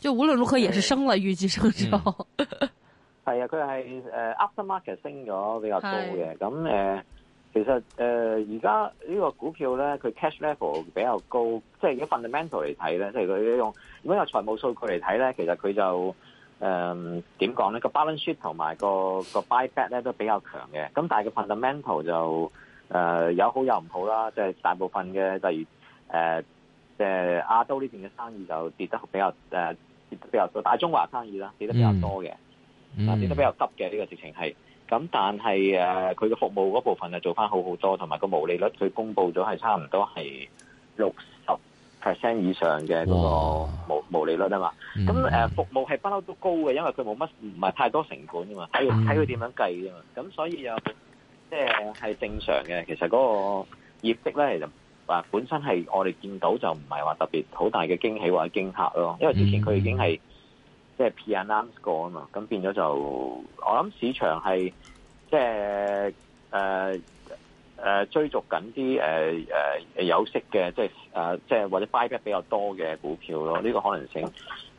就無論如何也是升啦，Okay. 預計升咗。係、mm. 啊，佢係誒、呃、，aftermarket 升咗比較高嘅。咁、Hey. 誒、呃，其實誒而家呢個股票咧，佢 cash level 比較高，即係以 fundamental 嚟睇咧，即係佢用如果用財務數據嚟睇咧，其實佢就誒點講咧個 balance sheet 同埋個個 buy back 咧都比較強嘅。咁但係佢 fundamental 就誒、呃、有好有唔好啦，即、就、係、是、大部分嘅例如誒即係亞洲呢邊嘅生意就跌得比較誒。呃比較做大中華生意啦，跌得比較多嘅，啊跌得比較急嘅呢個事情係，咁但係誒佢嘅服務嗰部分就做翻好好多，同埋個毛利率佢公布咗係差唔多係六十 percent 以上嘅嗰個毛毛利率啊嘛，咁誒服務係不嬲都高嘅，因為佢冇乜唔係太多成本啊嘛，睇佢睇佢點樣計啊嘛，咁所以又即係係正常嘅，其實嗰個業績咧就～本身係我哋見到就唔係話特別好大嘅驚喜或者驚嚇咯，因為之前佢已經係、mm -hmm. 即係 P a r n up 過啊嘛，咁變咗就我諗市場係即係誒誒追逐緊啲誒誒有息嘅，即係誒、呃、即係或者 buyback 比較多嘅股票咯，呢、這個可能性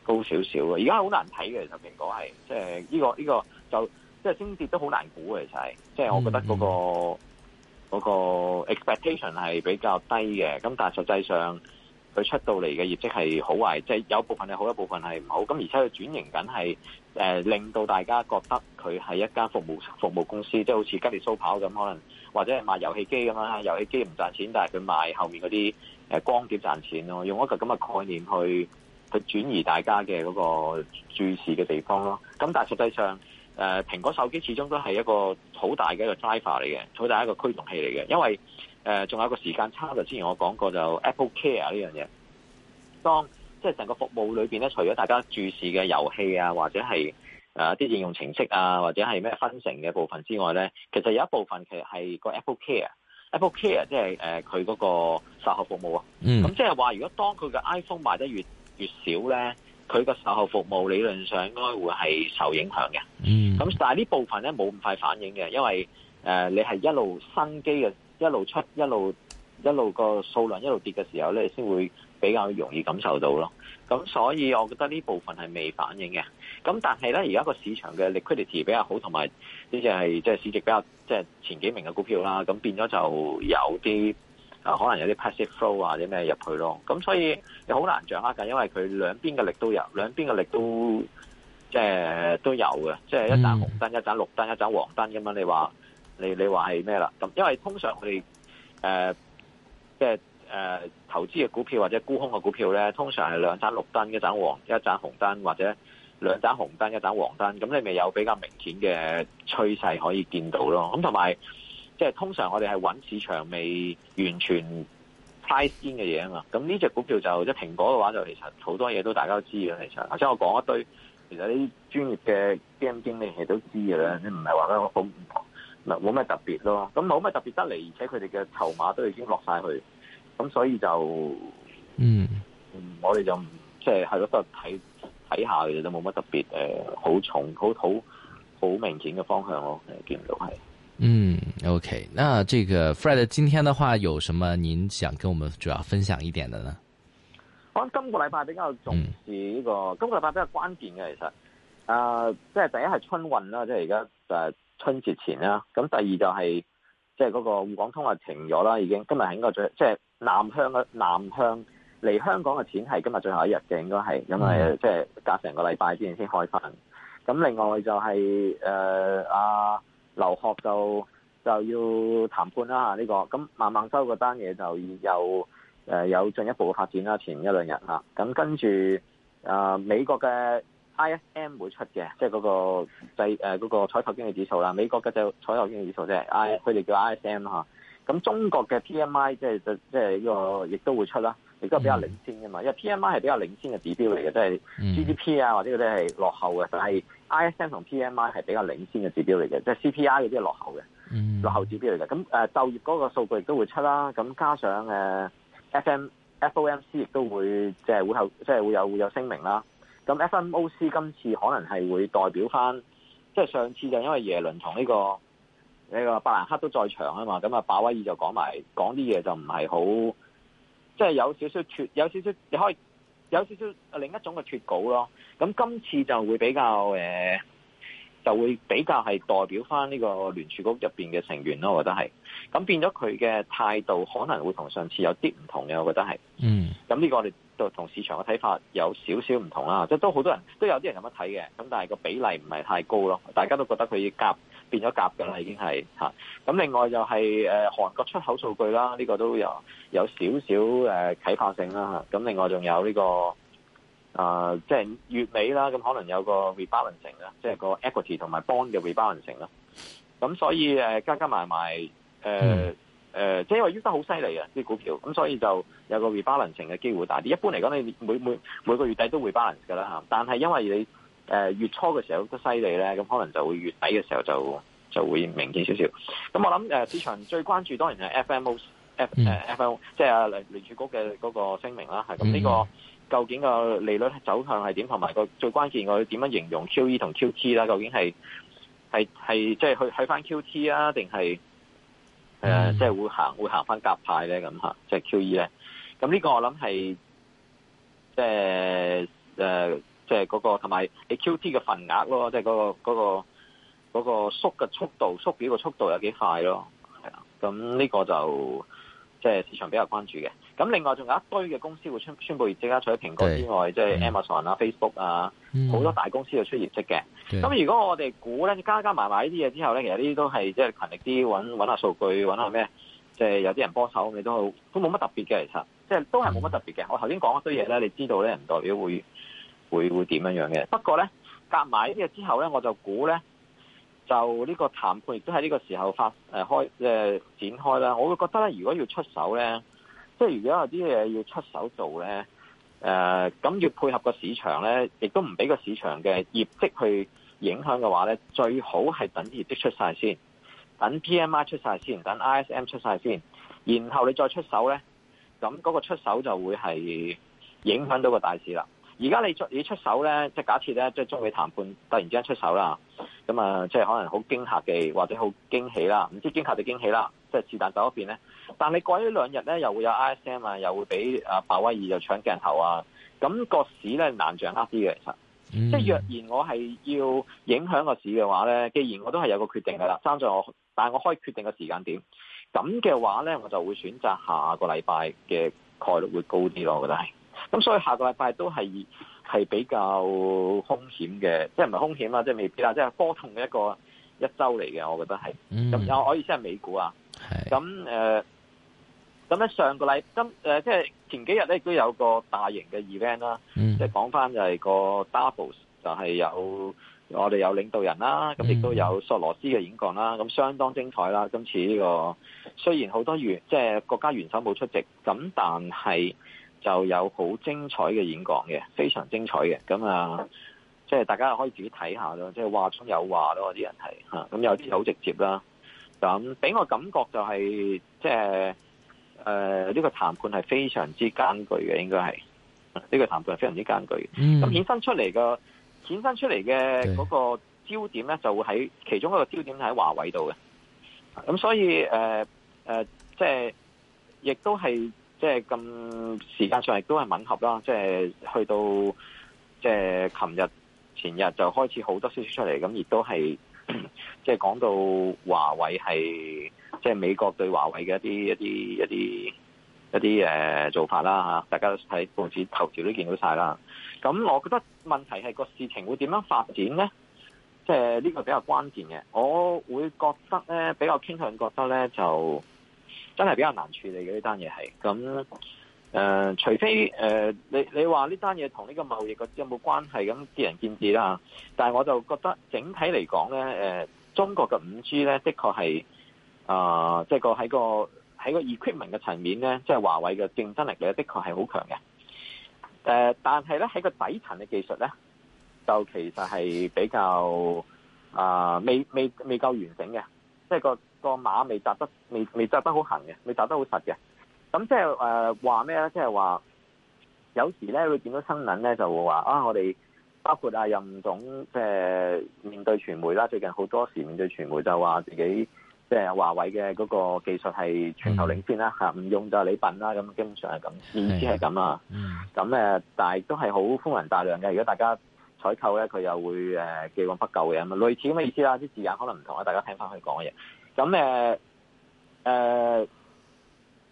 高少少。而家好難睇嘅，其實蘋果係即係呢、這個呢、這個就即係升跌都好難估嘅，其實係即係我覺得嗰、那個。Mm -hmm. 這個嗰個 expectation 係比較低嘅，咁但係實際上佢出到嚟嘅業績係好壞，即係有部分係好，一部分係唔好。咁而且佢轉型緊係呃，令到大家覺得佢係一間服務服務公司，即係好似吉列鬚刨咁可能，或者係賣遊戲機咁啦。遊戲機唔賺錢，但係佢賣後面嗰啲光碟賺錢咯。用一個咁嘅概念去去轉移大家嘅嗰個注視嘅地方咯。咁但係實際上。誒、呃、蘋果手機始終都係一個好大嘅一個 driver 嚟嘅，好大一個驅動器嚟嘅，因為誒仲、呃、有一個時間差，就之前我講過就 Apple Care 呢樣嘢。當即係成個服務裏面咧，除咗大家注視嘅遊戲啊，或者係誒啲應用程式啊，或者係咩分成嘅部分之外咧，其實有一部分其實係個 Apple Care、Apple Care 即係誒佢嗰個售後服務啊。嗯。咁即係話，如果當佢嘅 iPhone 賣得越越少咧。佢個售後服務理論上應該會係受影響嘅，咁、嗯、但係呢部分咧冇咁快反應嘅，因為誒你係一路新機嘅一路出一路一路個數量一路跌嘅時候咧，先會比較容易感受到咯。咁所以我覺得呢部分係未反應嘅。咁但係咧，而家個市場嘅 liquidity 比較好，同埋啲嘢係即係市值比較即係前幾名嘅股票啦，咁變咗就有啲。啊，可能有啲 passive flow、啊、或者咩入去咯，咁所以你好難掌握嘅，因為佢兩邊嘅力都有，兩邊嘅力都即係、呃、都有嘅，即係一盞紅燈、嗯、一盞綠燈、一盞黃燈咁樣。你話你你話係咩啦？咁因為通常我哋誒，即係誒，投資嘅股票或者沽空嘅股票咧，通常係兩盞綠燈、一盞黃、一盞紅燈，或者兩盞紅燈、一盞黃燈，咁你咪有比較明顯嘅趨勢可以見到咯。咁同埋。即係通常我哋係搵市場未完全猜先嘅嘢啊嘛，咁呢隻股票就即係蘋果嘅話就其實好多嘢都大家都知嘅，其實頭先我講一堆，其實啲專業嘅基金經理係都知嘅啦，你唔係話得好唔唔冇咩特別咯，咁冇咩特別得嚟，而且佢哋嘅籌碼都已經落晒去，咁所以就嗯，嗯，我哋就即係係咯，都睇睇下嘅啫，冇乜特別誒，好重好好好明顯嘅方向咯，我見唔到係。嗯，OK，那這個 Fred，今天嘅話有什麼你想跟我們主要分享一點嘅呢？我、諗、今個禮拜比較重視呢、這個今、嗯這個禮拜比較關鍵嘅其實，呃、啊，即係第一係春運啦，即係而家誒春節前啦，咁第二就係、是、即係嗰個滬港通啊停咗啦，已經今日係應該最即係南向嘅南向嚟香港嘅錢係今日最後一日嘅，應該係因為即係隔成個禮拜之前先開翻。咁另外就係、是、誒、呃、啊。留學就就要談判啦嚇、這個，呢個咁孟晚舟嗰單嘢就又誒、呃、有進一步發展啦，前一兩日嚇，咁、啊、跟住啊、呃、美國嘅 ISM 會出嘅，即係嗰個製嗰、呃那個採購經理指數啦，美國嘅就採購經理指數即係 I，佢哋叫 ISM 咁、啊、中國嘅 PMI 即係即係呢個亦都會出啦，亦都比較領先嘅嘛，因為 PMI 係比較領先嘅指標嚟嘅，即、就、係、是、GDP 啊或者嗰啲係落後嘅，但係。I S M 同 P M I 係比較領先嘅指標嚟嘅，即係 C P I 嗰啲係落後嘅，mm. 落後指標嚟嘅。咁誒就業嗰個數據亦都會出啦。咁加上誒 F M F O M C 亦都會即係、就是會,就是、會有即係會有會有聲明啦。咁 F M O C 今次可能係會代表返，即、就、係、是、上次就因為耶倫同呢、這個呢、這個伯南克都在場啊嘛，咁啊鮑威爾就講埋講啲嘢就唔係好，即、就、係、是、有少少脱，有少少你可以。有少少另一種嘅脫稿咯，咁今次就會比較誒，就會比較係代表翻呢個聯儲局入邊嘅成員咯，我覺得係，咁變咗佢嘅態度可能會同上次有啲唔同嘅，我覺得係，嗯，咁呢個我哋就同市場嘅睇法有少少唔同啦，即係都好多人都有啲人咁樣睇嘅，咁但係個比例唔係太高咯，大家都覺得佢要夾。變咗夾㗎啦，已經係嚇。咁另外就係、是、誒、呃、韓國出口數據啦，呢、這個都有有少少誒啟發性啦嚇。咁另外仲有呢、這個啊，即、呃、係、就是、月尾啦，咁可能有個 rebalancing 啦，即、就、係、是、個 equity 同埋 bond 嘅 rebalancing 啦。咁所以誒、呃、加加埋埋誒誒，即係因為跌得好犀利啊啲股票，咁所以就有個 rebalancing 嘅機會大啲。一般嚟講，你每每每個月底都會 balance 㗎啦嚇。但係因為你。誒、呃、月初嘅時候都犀利咧，咁可能就會月底嘅時候就就會明顯少少。咁我諗誒、呃、市場最關注當然係 FMO，FMO，即係聯聯儲局嘅嗰個聲明啦、啊。係咁呢個究竟個利率走向係點？同埋個最關鍵我點樣形容 QE 同 QT 啦、啊？究竟係係係即係去去翻 QT 啊？定係誒即係會行會行翻夾派咧？咁嚇即係 QE 咧？咁呢個我諗係即係誒。即係呃即係嗰個同埋 A Q T 嘅份額咯，即係嗰個嗰、嗰個嗰個縮嘅速度，縮表嘅速度有幾快咯？係啊，咁呢個就即係、就是、市場比較關注嘅。咁另外仲有一堆嘅公司會宣宣佈業績啦，除咗蘋果之外，即係 Amazon 啊、Facebook 啊，好、嗯、多大公司又出業績嘅。咁如果我哋估咧，加加埋埋呢啲嘢之後咧，其實呢啲都係即係勤力啲揾揾下數據，揾下咩，即、就、係、是、有啲人幫手，你都好，都冇乜特別嘅其實，即係都係冇乜特別嘅、嗯。我頭先講一堆嘢咧，你知道咧，唔代表會。會會點樣樣嘅？不過呢，夾埋呢啲之後呢，我就估呢，就呢個談判亦都喺呢個時候發誒開、呃、展開啦。我會覺得呢，如果要出手呢，即係如果有啲嘢要出手做呢，誒、呃、咁要配合個市場呢，亦都唔俾個市場嘅業績去影響嘅話呢，最好係等業績出晒先，等 P M I 出晒先，等 I S M 出晒先，然後你再出手呢，咁嗰個出手就會係影響到個大市啦。而家你出你出手咧，即係假設咧，即係中美談判突然之間出手啦，咁啊，即係可能好驚嚇嘅，或者好驚喜啦，唔知驚嚇定驚喜啦，即係是但走嗰邊咧。但你過一兩日咧，又會有 ISM 啊，又會俾啊鮑威爾又搶鏡頭啊，咁、那個市咧難掌握啲嘅，其實即係、嗯、若然我係要影響個市嘅話咧，既然我都係有個決定嘅啦，爭在我，但我可以決定個時間點。咁嘅話咧，我就會選擇下個禮拜嘅概率會高啲咯，我覺得係。咁所以下個禮拜都係係比較兇險嘅，即係唔係兇險啦，即係未必啦，即係波動嘅一個一周嚟嘅，我覺得係。咁、嗯、有我意思係美股啊。咁誒，咁咧、呃、上個禮今誒、呃，即係前幾日咧亦都有個大型嘅 event 啦、嗯，即係講返就係個 Davos 就係有我哋有領導人啦，咁亦都有索羅斯嘅演講啦，咁相當精彩啦。今次呢、呢個雖然好多元即係國家元首冇出席，咁但係。就有好精彩嘅演講嘅，非常精彩嘅。咁啊，即係大家可以自己睇下咯，即係話中有話咯，啲人係咁有啲好直接啦。咁俾我感覺就係，即係誒呢個談判係非常之艱巨嘅，應該係呢個談判係非常之艱巨。咁、mm. 衍生出嚟嘅，衍生出嚟嘅嗰個焦點咧，就會喺其中一個焦點喺華為度嘅。咁所以誒即係亦都係。即係咁時間上亦都係吻合啦，即係去到即係琴日、前日就開始好多消息出嚟，咁亦都係即係講到華為係即係美國對華為嘅一啲一啲一啲一啲誒、呃、做法啦嚇，大家都睇報紙頭條都見到晒啦。咁我覺得問題係個事情會點樣發展咧？即係呢個係比較關鍵嘅，我會覺得咧比較傾向覺得咧就。真係比較難處理嘅呢單嘢係咁誒，除非誒、呃、你你話呢單嘢同呢個貿易個有冇關係咁，見仁見智啦。但係我就覺得整體嚟講呢、呃，中國嘅五 G 呢，的確係啊，即、呃、係、就是、個喺個喺個 equipment 嘅層面呢，即、就、係、是、華為嘅競爭力、呃、呢，的確係好強嘅。誒，但係呢，喺個底層嘅技術呢，就其實係比較啊、呃，未未未夠完整嘅，即、就是那個馬未紮得未未紮得好行嘅，未紮得好實嘅。咁即係誒話咩咧？即係話有時咧會見到新聞咧就會話啊，我哋包括啊任總即係面對傳媒啦，最近好多時面對傳媒就話自己即係、呃、華為嘅嗰個技術係全球領先啦嚇，唔、mm. 啊、用就你笨啦咁，基本上係咁，意思係咁啊。咁、mm. 誒，但係都係好寬宏大量嘅。如果大家採購咧，佢又會誒寄望不夠嘅咁啊。類似咁嘅意思啦，啲、mm. 字眼可能唔同啦，大家聽翻佢講嘅嘢。咁誒，誒、呃，誒、呃，呢、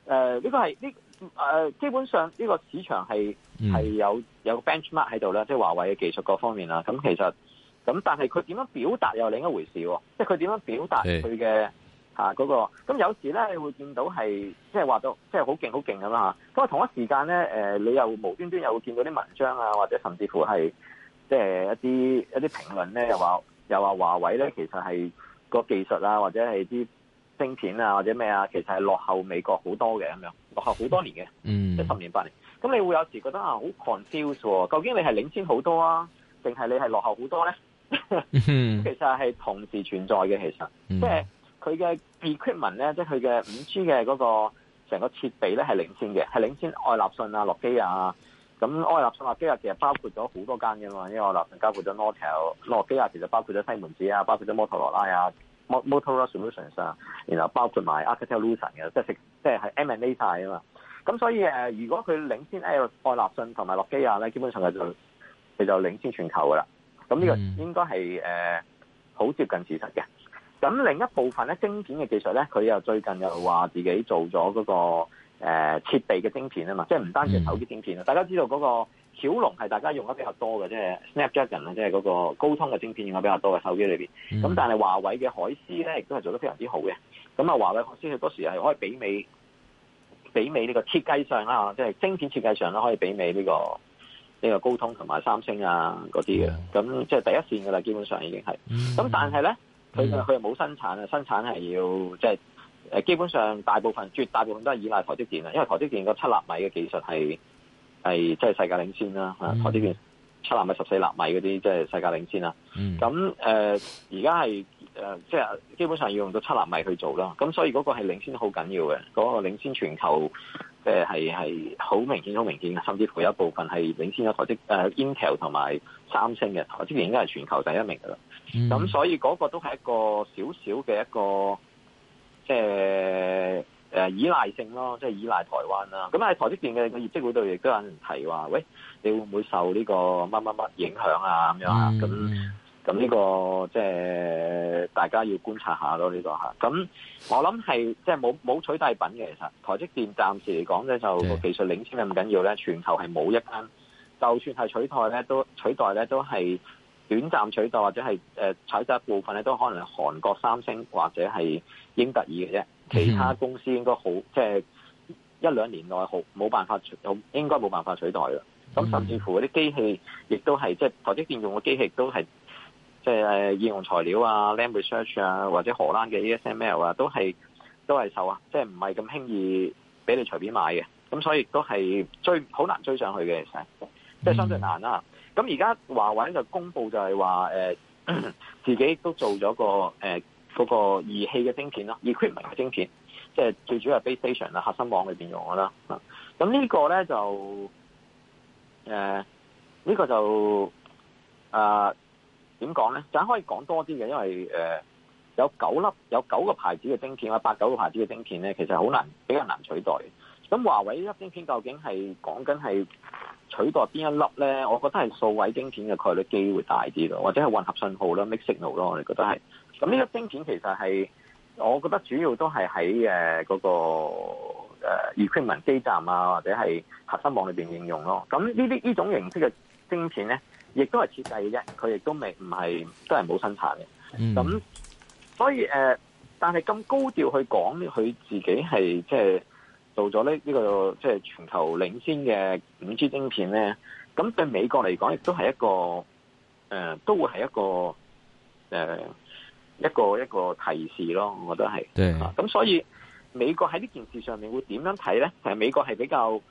呃呢個係呢誒，基本上呢個市場係係有有個 benchmark 喺度啦，即係華為嘅技術各方面啦。咁其實，咁但係佢點樣表達又另一回事喎，即係佢點樣表達佢嘅吓嗰個。咁、啊、有時咧，你會見到係即係話到，即係好勁好勁咁啊。咁啊，同一時間咧，誒、呃，你又無端端又會見到啲文章啊，或者甚至乎係即係一啲一啲評論咧，又話又話華為咧，其實係。個技術啊，或者係啲晶片啊，或者咩啊，其實係落後美國好多嘅咁樣，落後好多年嘅、嗯，即係十年八年。咁你會有時覺得啊，好 confused 究竟你係領先好多啊，定係你係落後好多咧？ 其實係同時存在嘅，其實即係佢嘅 equipment 咧，即係佢嘅五 G 嘅嗰個成個設備咧，係領先嘅，係領先愛立信啊、諾基亞。咁愛立信、立信立信立信 Nortel，諾基亞其實包括咗好多間嘅嘛，因為愛立信包括咗 Nortel，諾基亞，其實包括咗西門子啊，包括咗摩托羅拉啊，Motorola Solutions 啊，然後包括埋 Alcatel-Lucent 嘅、啊，即係食即 M and A 曬啊嘛。咁所以、呃、如果佢領先愛立信同埋諾基亞咧，基本上就佢就領先全球噶啦。咁呢個應該係誒好接近事實嘅。咁另一部分咧，晶片嘅技術咧，佢又最近又話自己做咗嗰、那個。誒、呃、設備嘅晶片啊嘛，即係唔單止手機晶片啊、嗯，大家知道嗰個驍龍係大家用得比較多嘅，即係 Snapdragon 啊，即係嗰個高通嘅晶片用得比較多嘅手機裏面。咁、嗯、但係華為嘅海思咧，亦都係做得非常之好嘅。咁啊，華為海思佢嗰時係可以媲美，媲美呢個設計上啦，即係晶片設計上啦可以媲美呢、呢個呢、呢個高通同埋三星啊嗰啲嘅。咁、嗯、即係第一線噶啦，基本上已經係。咁、嗯、但係咧，佢佢又冇生產啊、嗯，生產係要即係。就是誒，基本上大部分，絕大部分都係依賴台積電啦，因為台積電個七納米嘅技術係係即係世界領先啦嚇、嗯，台積電七納米、十四納米嗰啲即係世界領先啦。咁誒而家係誒即係基本上要用到七納米去做啦。咁所以嗰個係領先好緊要嘅，嗰、嗰個領先全球即係係係好明顯好明顯，甚至乎有一部分係領先咗台積誒、呃、Intel 同埋三星嘅台積電，應該係全球第一名噶啦。咁、嗯、所以嗰個都係一個少少嘅一個。即係誒，依賴性咯，即係依賴台灣啦。咁喺台積電嘅個業績嗰度，亦都有人提話，喂，你會唔會受呢個乜乜乜影響啊？咁樣啊？咁咁呢個即係大家要觀察一下咯，呢個吓。咁我諗係即係冇冇取代品嘅。其實台積電暫時嚟講咧，就個技術領先咁緊要咧，全球係冇一間，就算係取代咧，都取代咧都係。短暫取代或者係誒採集部分咧，都可能係韓國三星或者係英特爾嘅啫。其他公司應該好、嗯、即係一兩年內好冇辦法有應該冇辦法取代嘅。咁甚至乎嗰啲機器亦都係即係台積電用嘅機器都係即係呃、應用材料啊、Lam Research 啊或者荷蘭嘅 ASML 啊，都係都係受啊，即係唔係咁輕易俾你隨便買嘅。咁所以都係追好難追上去嘅，其實即係相對難啦。嗯咁而家華為咧就公佈就係話誒自己都做咗個誒嗰個，個儀器嘅晶片咯，equipment 嘅晶片，即係最主要係 base station 啦，核心網裏面用啦。咁呢個咧就誒呢、呃這個就啊點講咧？就、呃、可以講多啲嘅，因為誒、呃、有九粒有九個牌子嘅晶片啊，八九個牌子嘅晶片咧，其實好難比較難取代。咁華為呢粒晶片究竟係講緊係？取代邊一粒咧？我覺得係數位晶片嘅概率機會大啲咯，或者係混合信號啦 mix signal 咯，我哋覺得係。咁呢粒晶片其實係我覺得主要都係喺誒嗰個、呃、equipment 基站啊，或者係核心網裏邊應用咯。咁呢啲呢種形式嘅晶片咧，亦都係設計嘅啫，佢亦都未唔係都係冇生產嘅。咁、嗯、所以誒、呃，但係咁高調去講佢自己係即係，就是到咗呢呢個即係、就是、全球領先嘅五 G 晶片咧，咁對美國嚟講亦都係一個誒、呃，都會係一個誒、呃、一個一個提示咯，我覺得係。對、啊。咁所以美國喺呢件事上面會點樣睇咧？其實美國係比較誒，即、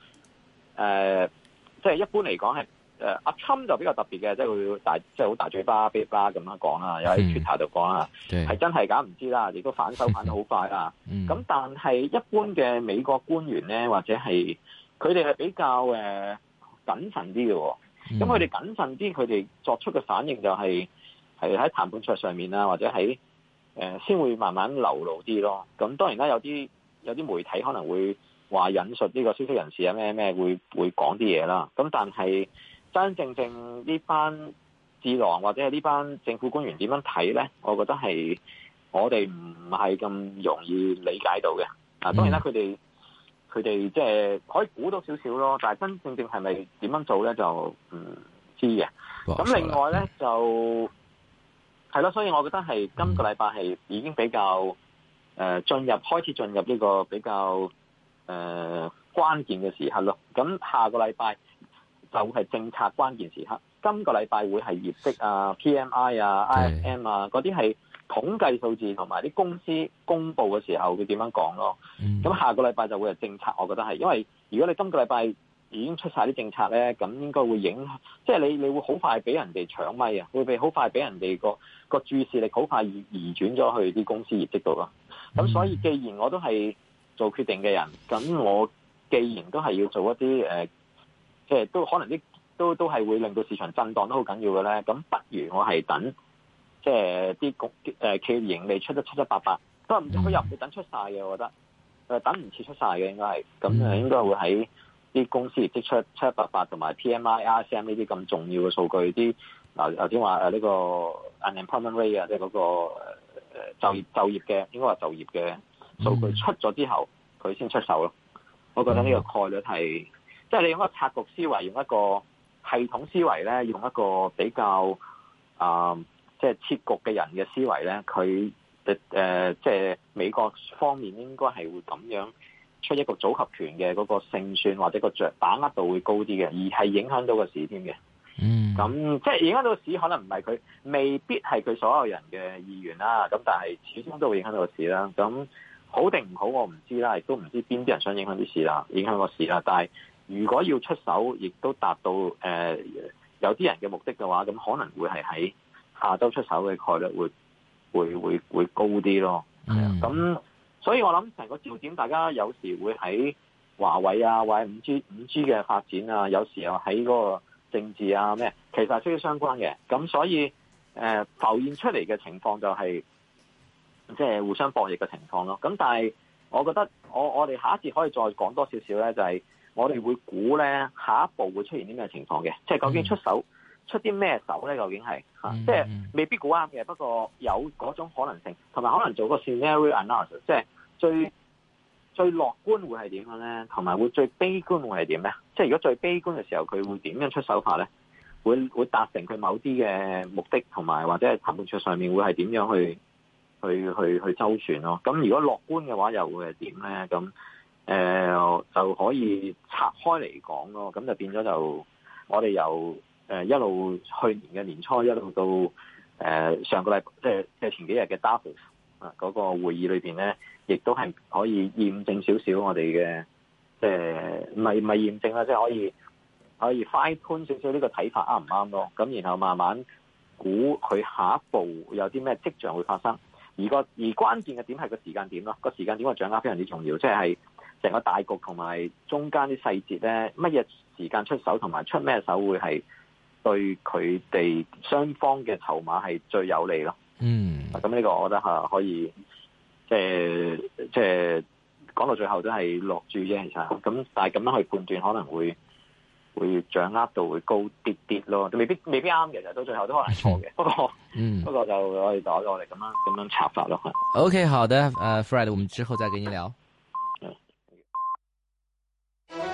呃、係、就是、一般嚟講係。誒阿侵就比較特別嘅，即係佢大，即係好大嘴巴、big 咁樣講啦，有喺 Twitter 度講啦，係、嗯、真係假唔知啦，亦都反手反得好快啊。咁、嗯、但係一般嘅美國官員咧，或者係佢哋係比較誒、呃、謹慎啲嘅，咁佢哋謹慎啲，佢哋作出嘅反應就係係喺談判桌上面啊，或者喺誒先會慢慢流露啲咯。咁當然啦，有啲有啲媒體可能會話引述呢個消息人士啊，咩咩會會講啲嘢啦。咁但係真正正呢班智囊或者係呢班政府官員點樣睇咧？我覺得係我哋唔係咁容易理解到嘅，啊。當然啦，佢哋佢哋即係可以估到少少咯，但係真正正係咪點樣做咧？就唔知嘅。咁另外咧就係啦，所以我覺得係今個禮拜係已經比較誒進入，嗯、開始進入呢個比較誒、呃、關鍵嘅時刻咯。咁下個禮拜。就係、是、政策關鍵時刻，今個禮拜會係業績啊、PMI 啊、IMM 啊嗰啲係統計數字同埋啲公司公布嘅時候會、啊，佢點樣講咯？咁下個禮拜就會係政策，我覺得係，因為如果你今個禮拜已經出晒啲政策咧，咁應該會影響，即、就、係、是、你你會好快俾人哋搶咪啊，會俾好快俾人哋個、那個注視力好快移轉咗去啲公司業績度咯。咁所以，既然我都係做決定嘅人，咁我既然都係要做一啲即係都可能啲都都係會令到市場震盪都好緊要嘅咧，咁不如我係等即係啲企業盈利出得七七八八，都唔似佢入去等出晒嘅，我覺得等唔切出晒嘅應該係，咁誒應該會喺啲公司業績出七七八八同埋 PMI RCM 呢啲咁重要嘅數據，啲嗱頭先話呢個 unemployment rate 啊，即係嗰個就業就業嘅應該話就業嘅數據出咗之後，佢先出手咯。我覺得呢、嗯個,個,嗯、個概率係。嗯即係你用一個策局思維，用一個系統思維咧，用一個比較啊、呃，即係設局嘅人嘅思維咧，佢誒誒，即係美國方面應該係會咁樣出一個組合拳嘅嗰個勝算，或者個著把握度會高啲嘅，而係影響到個市添嘅。嗯、mm.，咁即係影響到個市，可能唔係佢未必係佢所有人嘅意願啦。咁但係始終都會影響到個市啦。咁好定唔好，我唔知啦，亦都唔知邊啲人想影響啲市啦，影響個市啦。但係如果要出手，亦都達到誒、呃、有啲人嘅目的嘅話，咁可能會係喺下周出手嘅概率會會會會高啲咯。係、嗯、啊，咁所以我諗成個焦點大家有時會喺華為啊，或者五 G 五 G 嘅發展啊，有時候喺嗰個政治啊咩，其實係都要相關嘅。咁所以誒、呃、浮現出嚟嘅情況就係即係互相博弈嘅情況咯。咁但係我覺得我我哋下一節可以再講多少少咧，就係。我哋會估咧下一步會出現啲咩情況嘅，即係究竟出手出啲咩手咧？究竟係、mm -hmm. 即係未必估啱嘅。不過有嗰種可能性，同埋可能做個 scenario analysis，即係最、mm -hmm. 最樂觀會係點樣咧？同埋會最悲觀會係點咧？即係如果最悲觀嘅時候，佢會點樣出手法咧？會會達成佢某啲嘅目的，同埋或者係談判桌上面會係點樣去、mm -hmm. 去去去周旋咯？咁如果樂觀嘅話，又會係點咧？咁誒、呃、就可以拆開嚟講咯，咁就變咗就我哋由誒、呃、一路去年嘅年初一路到誒、呃、上個禮，即係即係前幾日嘅 Davos 嗰個會議裏邊咧，亦都係可以驗證少少我哋嘅，即係唔係唔係驗證啦，即係可以可以 fine tune 少少呢個睇法啱唔啱咯，咁然後慢慢估佢下一步有啲咩跡象會發生，而個而關鍵嘅點係個時間點咯，個時間點嘅掌握非常之重要，即係。成個大局同埋中間啲細節咧，乜嘢時間出手同埋出咩手會係對佢哋雙方嘅籌碼係最有利咯。嗯，咁呢個我覺得係可以，即係即係講到最後都係落注啫，其實。咁但係咁樣去判斷可能會會掌握度會高啲啲咯未，未必未必啱嘅，其實到最後都可能錯嘅。不、嗯、過， 不過就可以攞咗嚟咁樣咁樣策劃咯。OK，好的，誒，Fred，我們之後再跟你聊。